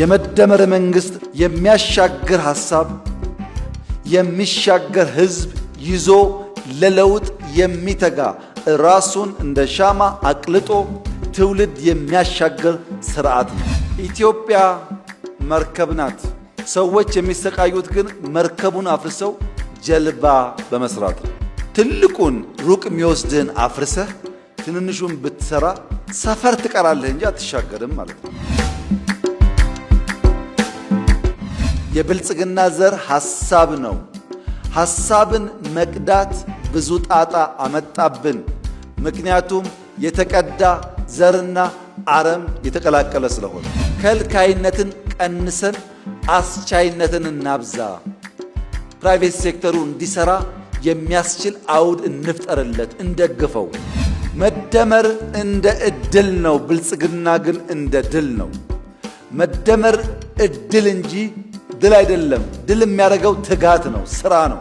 የመደመር መንግስት የሚያሻግር ሐሳብ የሚሻገር ህዝብ ይዞ ለለውጥ የሚተጋ ራሱን እንደ ሻማ አቅልጦ ትውልድ የሚያሻገር ስርዓት ነው። ኢትዮጵያ መርከብ ናት። ሰዎች የሚሰቃዩት ግን መርከቡን አፍርሰው ጀልባ በመስራት ነው። ትልቁን ሩቅ የሚወስድህን አፍርሰህ ትንንሹን ብትሰራ ሰፈር ትቀራለህ እንጂ አትሻገርም ማለት ነው። የብልጽግና ዘር ሐሳብ ነው። ሐሳብን መቅዳት ብዙ ጣጣ አመጣብን። ምክንያቱም የተቀዳ ዘርና አረም የተቀላቀለ ስለሆነ ከልካይነትን ቀንሰን አስቻይነትን እናብዛ። ፕራይቬት ሴክተሩ እንዲሰራ የሚያስችል አውድ እንፍጠርለት፣ እንደግፈው። መደመር እንደ እድል ነው፣ ብልጽግና ግን እንደ ድል ነው። መደመር እድል እንጂ ድል አይደለም። ድል የሚያደርገው ትጋት ነው፣ ስራ ነው።